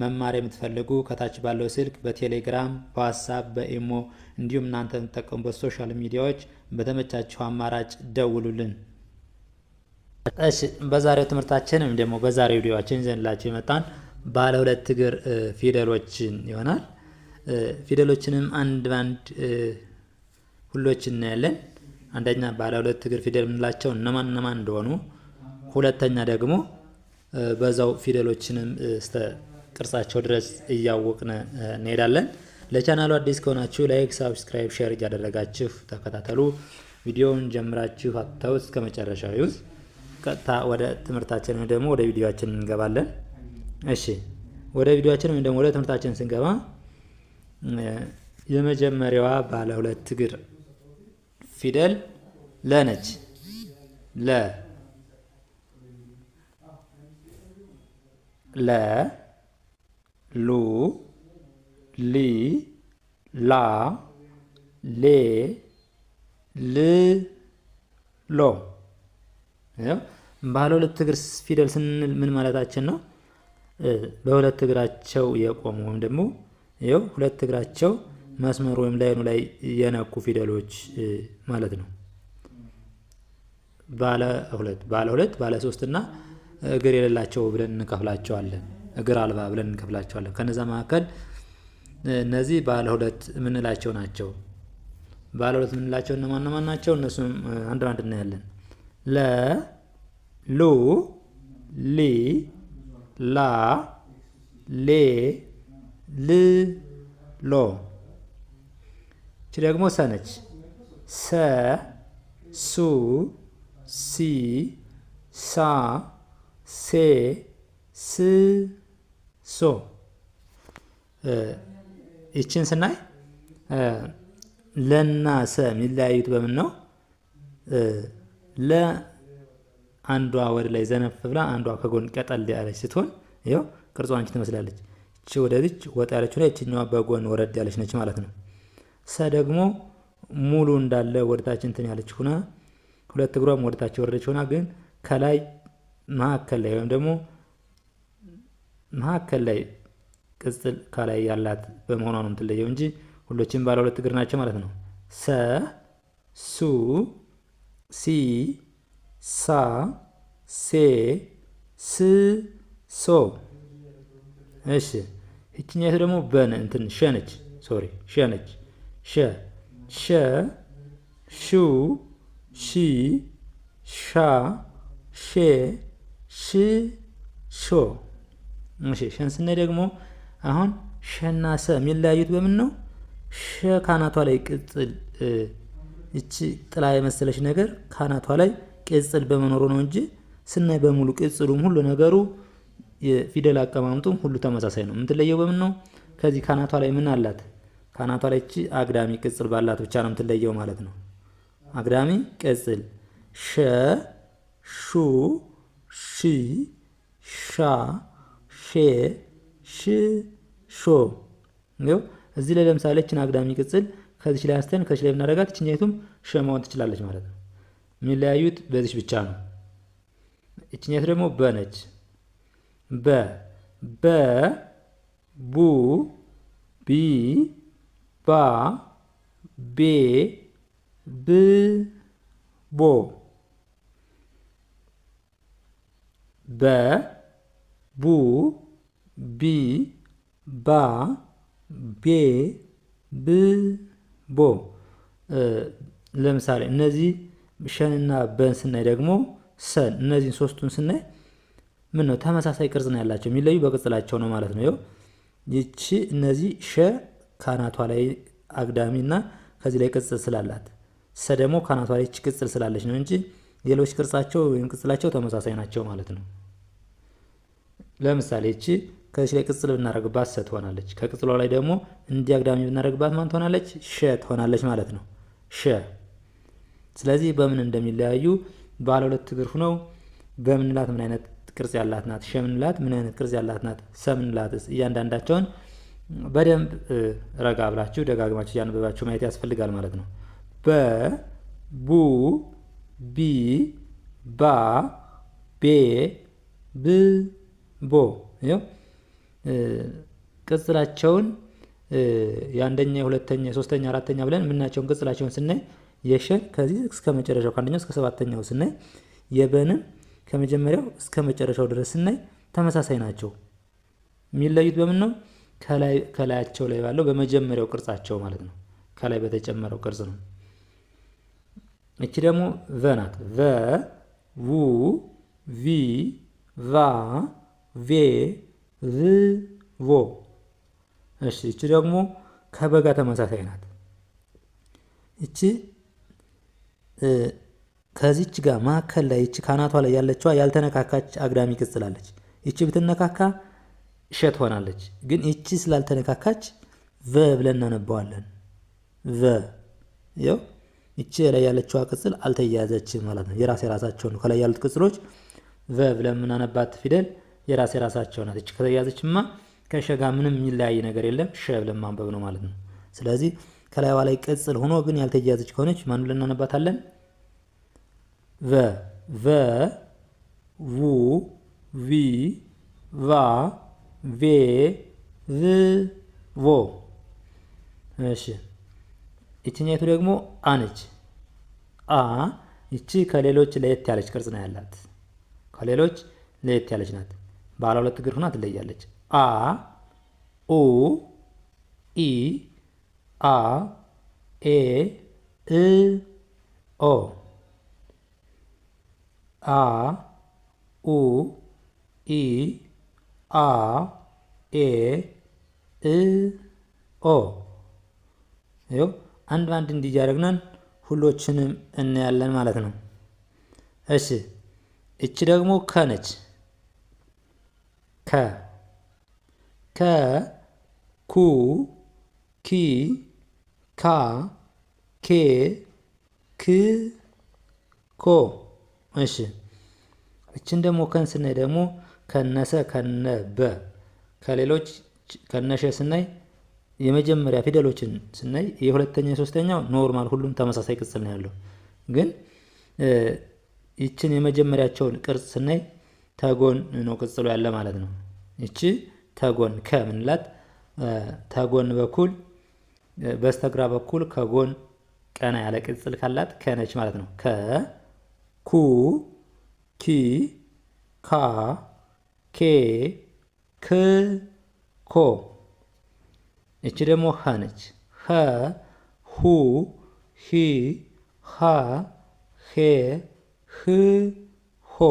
መማር የምትፈልጉ ከታች ባለው ስልክ በቴሌግራም በዋትሳፕ በኢሞ እንዲሁም እናንተ የምትጠቀሙበት ሶሻል ሚዲያዎች በተመቻቸው አማራጭ ደውሉልን። እሺ፣ በዛሬው ትምህርታችን ወይም ደግሞ በዛሬው ቪዲዮችን ይዘንላችሁ የመጣን ባለ ሁለት እግር ፊደሎችን ይሆናል። ፊደሎችንም አንድ በአንድ ሁሎች እናያለን። አንደኛ ባለ ሁለት እግር ፊደል የምንላቸው እነማን እነማን እንደሆኑ፣ ሁለተኛ ደግሞ በዛው ፊደሎችንም ቅርጻቸው ድረስ እያወቅን እንሄዳለን። ለቻናሉ አዲስ ከሆናችሁ ላይክ፣ ሳብስክራይብ፣ ሼር እያደረጋችሁ ተከታተሉ። ቪዲዮውን ጀምራችሁ አታው እስከ መጨረሻ ይዩት። ቀጥታ ወደ ትምህርታችን ወይም ደግሞ ወደ ቪዲዮችን እንገባለን። እሺ ወደ ቪዲዮችን ወይም ደግሞ ወደ ትምህርታችን ስንገባ የመጀመሪያዋ ባለ ሁለት እግር ፊደል ለ ነች። ለ ለ ሉ ሊ ላ ሌ ል ሎ ባለ ሁለት እግር ፊደል ስንል ምን ማለታችን ነው? በሁለት እግራቸው የቆሙ ወይም ደግሞ ይኸው ሁለት እግራቸው መስመር ወይም ላይኑ ላይ የነኩ ፊደሎች ማለት ነው። ባለ ሁለት ባለ ሁለት ባለ ሶስት እና እግር የሌላቸው ብለን እንከፍላቸዋለን። እግር አልባ ብለን እንከፍላቸዋለን። ከነዛ መካከል እነዚህ ባለ ሁለት የምንላቸው ናቸው። ባለ ሁለት የምንላቸው እነማን ማን ናቸው? እነሱም አንድ አንድ እናያለን። ለ ሉ ሊ ላ ሌ ል ሎ። ች ደግሞ ሰነች ሰ ሱ ሲ ሳ ሴ ስ ሶ ይችን ስናይ ለና ሰ የሚለያዩት በምን ነው? ለ አንዷ ወደ ላይ ዘነፍ ብላ አንዷ ከጎን ቀጠል ያለች ስትሆን ይኸው ቅርጿን ትመስላለች። እቺ ወደዚች ወጣ ያለች ላይ እችኛዋ በጎን ወረድ ያለች ነች ማለት ነው። ሰ ደግሞ ሙሉ እንዳለ ወደታች እንትን ያለች ሁና ሁለት እግሯም ወደታች ወረደች ሆና ግን ከላይ መካከል ላይ ወይም ደግሞ መካከል ላይ ቅጽል ካላይ ያላት በመሆኗ ነው የምትለየው እንጂ ሁሎችም ባለ ሁለት እግር ናቸው ማለት ነው። ሰ ሱ ሲ ሳ ሴ ስ ሶ። እሺ ይችኛይቱ ደግሞ በን እንትን ሸነች ሶሪ ሸነች ሸ ሸ ሹ ሺ ሻ ሼ ሽ ሾ እሺ ሸን ስናይ ደግሞ አሁን ሸና ሰ የሚለያዩት በምን ነው? ሸ ካናቷ ላይ ቅጽል እቺ ጥላ የመሰለች ነገር ካናቷ ላይ ቅጽል በመኖሩ ነው እንጂ ስናይ በሙሉ ቅጽሉም ሁሉ ነገሩ የፊደል አቀማምጡም ሁሉ ተመሳሳይ ነው። የምትለየው በምን ነው? ከዚህ ካናቷ ላይ ምን አላት? ካናቷ ላይ እቺ አግዳሚ ቅጽል ባላት ብቻ ነው የምትለየው ማለት ነው። አግዳሚ ቅጽል ሸ ሹ ሺ ሻ ሼ ሽ ሾ ነው። እዚህ ላይ ለምሳሌ እችን አግዳሚ ቅጽል ከዚች ላይ አንስተን ከዚች ላይ ብናደርጋት እችኛይቱም ሸ መሆን ትችላለች ማለት ነው። የሚለያዩት በዚች ብቻ ነው። እችኛይቱ ደግሞ በነች በ በ ቡ ቢ ባ ቤ ብ ቦ በ ቡ ቢ ባ ቤ ብ ቦ ለምሳሌ እነዚህ ሸንና በን ስናይ ደግሞ ሰን እነዚህን ሶስቱን ስናይ ምን ነው ተመሳሳይ ቅርጽ ነው ያላቸው የሚለዩ በቅጽላቸው ነው ማለት ነው። ይኸው ይቺ እነዚህ ሸ ካናቷ ላይ አግዳሚ እና ከዚህ ላይ ቅጽል ስላላት ሰ ደግሞ ካናቷ ላይ ይቺ ቅጽል ስላለች ነው እንጂ ሌሎች ቅርጻቸው ወይም ቅጽላቸው ተመሳሳይ ናቸው ማለት ነው። ለምሳሌ እቺ ከዚህ ላይ ቅጽል ብናረግባት ሰ ትሆናለች። ከቅጽሏ ላይ ደግሞ እንዲህ አግዳሚ ብናረግባት ማን ትሆናለች? ሸ ትሆናለች ማለት ነው። ሸ ስለዚህ በምን እንደሚለያዩ ባለ ሁለት እግር ሁነው በምንላት ምን አይነት ቅርጽ ያላት ናት፣ ሸ ምንላት ምን አይነት ቅርጽ ያላት ናት፣ ሰ ምንላትስ እያንዳንዳቸውን በደንብ ረጋ ብላችሁ ደጋግማችሁ እያነበባችሁ ማየት ያስፈልጋል ማለት ነው። በ ቡ ቢ ባ ቤ ብ ቦ ይኸው ቅጽላቸውን የአንደኛ፣ የሁለተኛ፣ የሶስተኛ፣ አራተኛ ብለን የምናያቸውን ቅጽላቸውን ስናይ የሸ ከዚህ እስከ መጨረሻው ከአንደኛው እስከ ሰባተኛው ስናይ የበንም ከመጀመሪያው እስከ መጨረሻው ድረስ ስናይ ተመሳሳይ ናቸው። የሚለዩት በምን ነው? ከላያቸው ላይ ባለው በመጀመሪያው ቅርጻቸው ማለት ነው። ከላይ በተጨመረው ቅርጽ ነው። እቺ ደግሞ ቨ ናት። ቨ ው ቪ ቫ ቬርቮ። እሺ እቺ ደግሞ ከበጋ ተመሳሳይ ናት። እቺ ከዚች ጋር መካከል ላይ እቺ ካናቷ ላይ ያለችዋ ያልተነካካች አግዳሚ ቅጽል አለች። እቺ ብትነካካ እሸት ሆናለች። ግን እቺ ስላልተነካካች ቨ ብለን እናነባዋለን። ቨ ይኸው እቺ ላይ ያለችዋ ቅጽል አልተያያዘችም ማለት ነው። የራስ የራሳቸው ነው። ከላይ ያሉት ቅጽሎች ቨ ብለን የምናነባት ፊደል የራስ የራሳቸው ናት። እች ከተያዘችማ ከሸ ጋር ምንም የሚለያይ ነገር የለም። ሸ ብለን ማንበብ ነው ማለት ነው። ስለዚህ ከላይዋ ላይ ቅጽል ሆኖ ግን ያልተያዘች ከሆነች ማኑ ልናነባታለን? ቨ ቨ ዉ ቪ ቫ ቬ ቭ ቮ። እሺ ይችኛይቱ ደግሞ አነች አ ይቺ ከሌሎች ለየት ያለች ቅርጽ ነው ያላት። ከሌሎች ለየት ያለች ናት። ባለ ሁለት እግር ሆና ትለያለች። አ ኡ ኢ አ ኤ እ ኦ አ ኡ ኢ አ ኤ እ ኦ ይኸው አንድ በአንድ እንዲያደርግነን ሁሎችንም እናያለን ማለት ነው። እሺ እቺ ደግሞ ከነች ከ ከ ኩ ኪ ካ ኬ ክ ኮ። እሺ እችን ደግሞ ከን ስናይ ደግሞ ከነሰ ከነ በ ከሌሎች ከነሸ ስናይ የመጀመሪያ ፊደሎችን ስናይ የሁለተኛ የሶስተኛው ኖርማል ሁሉም ተመሳሳይ ቅጽል ነው ያለው። ግን ይችን የመጀመሪያቸውን ቅርጽ ስናይ ተጎን ነው ቅጽሎ ያለ ማለት ነው። እቺ ተጎን ከምንላት ተጎን በኩል በስተግራ በኩል ከጎን ቀና ያለ ቅጽል ካላት ከነች ማለት ነው። ከ ኩ ኪ ካ ኬ ክ ኮ። እቺ ደግሞ ሀ ነች። ሀ ሁ ሂ ሃ ሄ ህ ሆ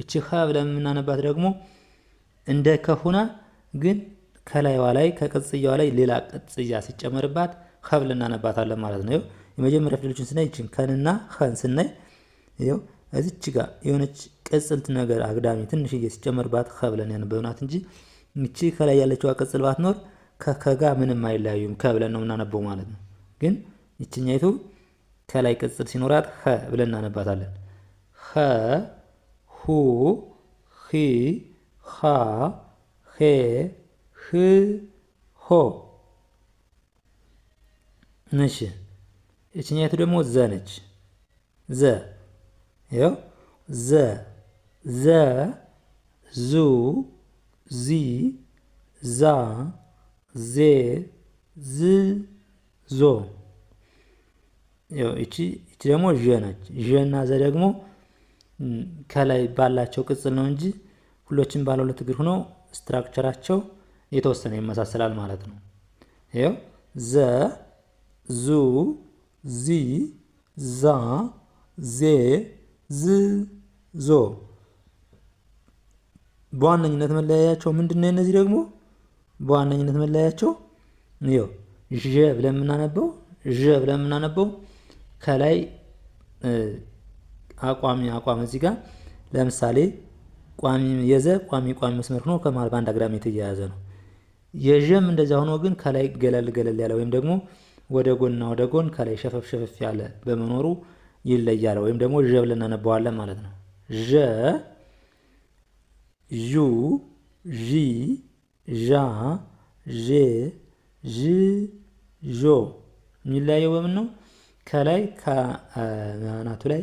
እቺ ኸ ብለን የምናነባት ደግሞ እንደ ከሁና ግን ከላይዋ ላይ ከቅጽያዋ ላይ ሌላ ቅጽያ ሲጨመርባት ኸ ብለን እናነባታለን ማለት ነው። የመጀመሪያ ፊደሎችን ስናይ እችን ከንና ኸን ስናይ ይኸው እዚች ጋር የሆነች ቅጽልት ነገር አግዳሚ ትንሽዬ ሲጨመርባት ኸ ብለን ያነበብናት እንጂ እቺ ከላይ ያለችዋ ቅጽል ባትኖር ከከጋ ምንም አይለያዩም። ከ ብለን ነው የምናነበው ማለት ነው። ግን ይችኛይቱ ከላይ ቅጽል ሲኖራት ኸ ብለን እናነባታለን። ኸ ሁ ሂ ሃ ሄ ህ ሆ። እሺ እችኛቱ ደግሞ ዘ ነች። ዘ ይኸው ዘ ዘ ዙ ዚ ዛ ዜ ዝ ዞ። ይኸው ደግሞ ዠ ነች። ዠ እና ዘ ደግሞ ከላይ ባላቸው ቅጽል ነው እንጂ ሁሎችም ባለ ሁለት እግር ሆኖ ስትራክቸራቸው የተወሰነ ይመሳሰላል ማለት ነው። ይኸው ዘ፣ ዙ፣ ዚ፣ ዛ፣ ዜ፣ ዝ፣ ዞ በዋነኝነት መለያያቸው ምንድን ነው? እነዚህ ደግሞ በዋነኝነት መለያያቸው ይኸው ዠ ብለን የምናነበው ዠ ብለን የምናነበው ከላይ አቋሚ አቋም እዚህ ጋር ለምሳሌ ቋሚ የዘ ቋሚ ቋሚ መስመር ሆኖ ከመሃል በአንድ አግዳሚ የተያያዘ ነው። የዠም እንደዚያ ሆኖ ግን ከላይ ገለል ገለል ያለ ወይም ደግሞ ወደ ጎንና ወደ ጎን ከላይ ሸፈፍ ሸፈፍ ያለ በመኖሩ ይለያል ወይም ደግሞ ዠ ብለን እናነባዋለን ማለት ነው። ዠ ዩ ዢ ዣ ዤ ዥ ዦ የሚለያየው በምን ነው? ከላይ ከአናቱ ላይ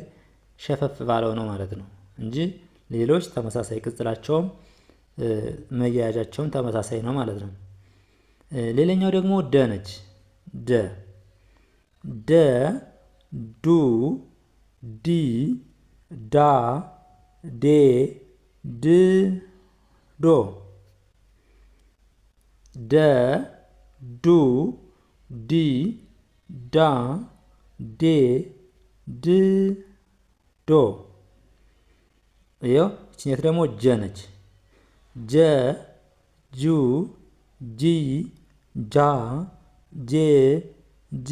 ሸፈፍ ባለው ነው ማለት ነው እንጂ ሌሎች ተመሳሳይ ቅጽላቸውም መያያዣቸውም ተመሳሳይ ነው ማለት ነው። ሌላኛው ደግሞ ደ ነች። ደ ደ ዱ ዲ ዳ ዴ ድ ዶ ደ ዱ ዲ ዳ ዴ ድ ዶ ይኸው እችኛት ደግሞ ጀ ነች። ጀ ጁ ጂ ጃ ጄ ጅ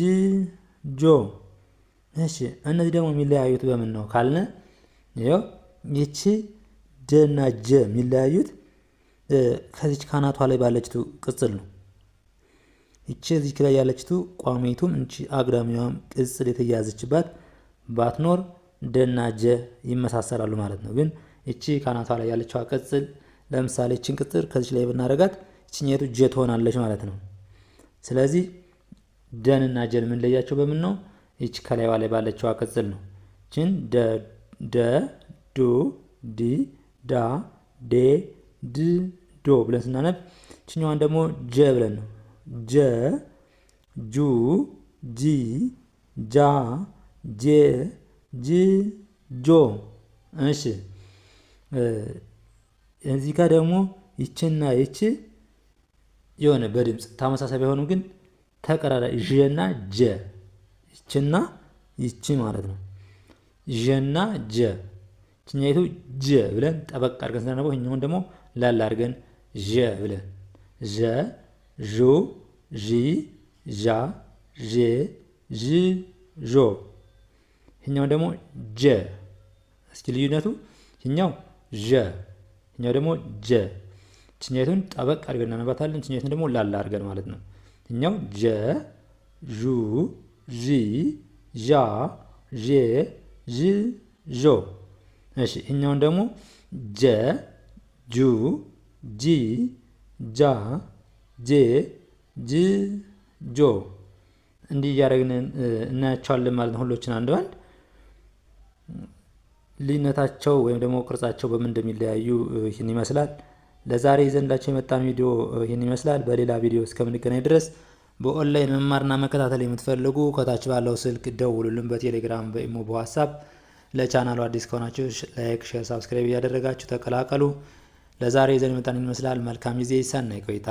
ጆ። እሺ እነዚህ ደግሞ የሚለያዩት በምን ነው ካልነ ይኸው ይቺ ደ እና ጀ የሚለያዩት ከዚች ካናቷ ላይ ባለችቱ ቅጽል ነው። ይቺ እዚች ላይ ያለችቱ ቋሚቱም እንቺ አግዳሚዋም ቅጽል የተያዘችባት ባትኖር ደና ጀ ይመሳሰላሉ ማለት ነው። ግን እቺ ካናቷ ላይ ያለችው ቅጽል ለምሳሌ እቺን ቅጽል ከዚች ላይ ብናደርጋት እችኛቱ ጀ ትሆናለች ማለት ነው። ስለዚህ ደን እና ጀን የምንለያቸው በምን ነው? ይቺ ከላይዋ ላይ ባለችው ቅጽል ነው። እቺን ደ ደ ዱ ዲ ዳ ዴ ድ ዶ ብለን ስናነብ እችኛዋን ደግሞ ጀ ብለን ነው። ጀ ጁ ጂ ጃ ጄ ጅጆ እሺ እዚህ ጋር ደግሞ ይችና ይቺ የሆነ በድምፅ ተመሳሳይ ቢሆኑ ግን ተቀራራቢ ዥና ጀ ይችና ይቺ ማለት ነው። ዥና ጀ ይችኛይቱ ጀ ብለን ጠበቅ አድርገን ስናነበው ይህኛውን ደግሞ ላል አድርገን ዠ ብለን ዠ ዡ ዢ ዣ ዤ ዥ ዦ ይህኛው ደግሞ ጀ። እስኪ ልዩነቱ ይህኛው ዠ፣ ይህኛው ደግሞ ጀ። ችኛይቱን ጠበቅ አድርገን እናነባታለን። ችኛይቱን ደግሞ ላላ አድርገን ማለት ነው። ይህኛው ጀ፣ ዡ፣ ዢ፣ ዣ፣ ዤ፣ ዥ፣ ዦ። እሺ ይህኛውን ደግሞ ጀ፣ ጁ፣ ጂ፣ ጃ፣ ጄ፣ ጅ፣ ጆ እንዲህ እያደረግን እናያቸዋለን ማለት ነው። ሁሎችን አንድ ባንድ ልዩነታቸው ወይም ደግሞ ቅርጻቸው በምን እንደሚለያዩ ይህን ይመስላል። ለዛሬ ይዘንላቸው የመጣን ቪዲዮ ይህን ይመስላል። በሌላ ቪዲዮ እስከምንገናኝ ድረስ በኦንላይን መማርና መከታተል የምትፈልጉ ከታች ባለው ስልክ ደውሉልን። በቴሌግራም በኢሞ በዋትሳፕ ለቻናሉ አዲስ ከሆናችሁ ላይክ፣ ሼር፣ ሳብስክራይብ እያደረጋችሁ ተቀላቀሉ። ለዛሬ ይዘን የመጣን ይመስላል። መልካም ጊዜ፣ ሰናይ ቆይታ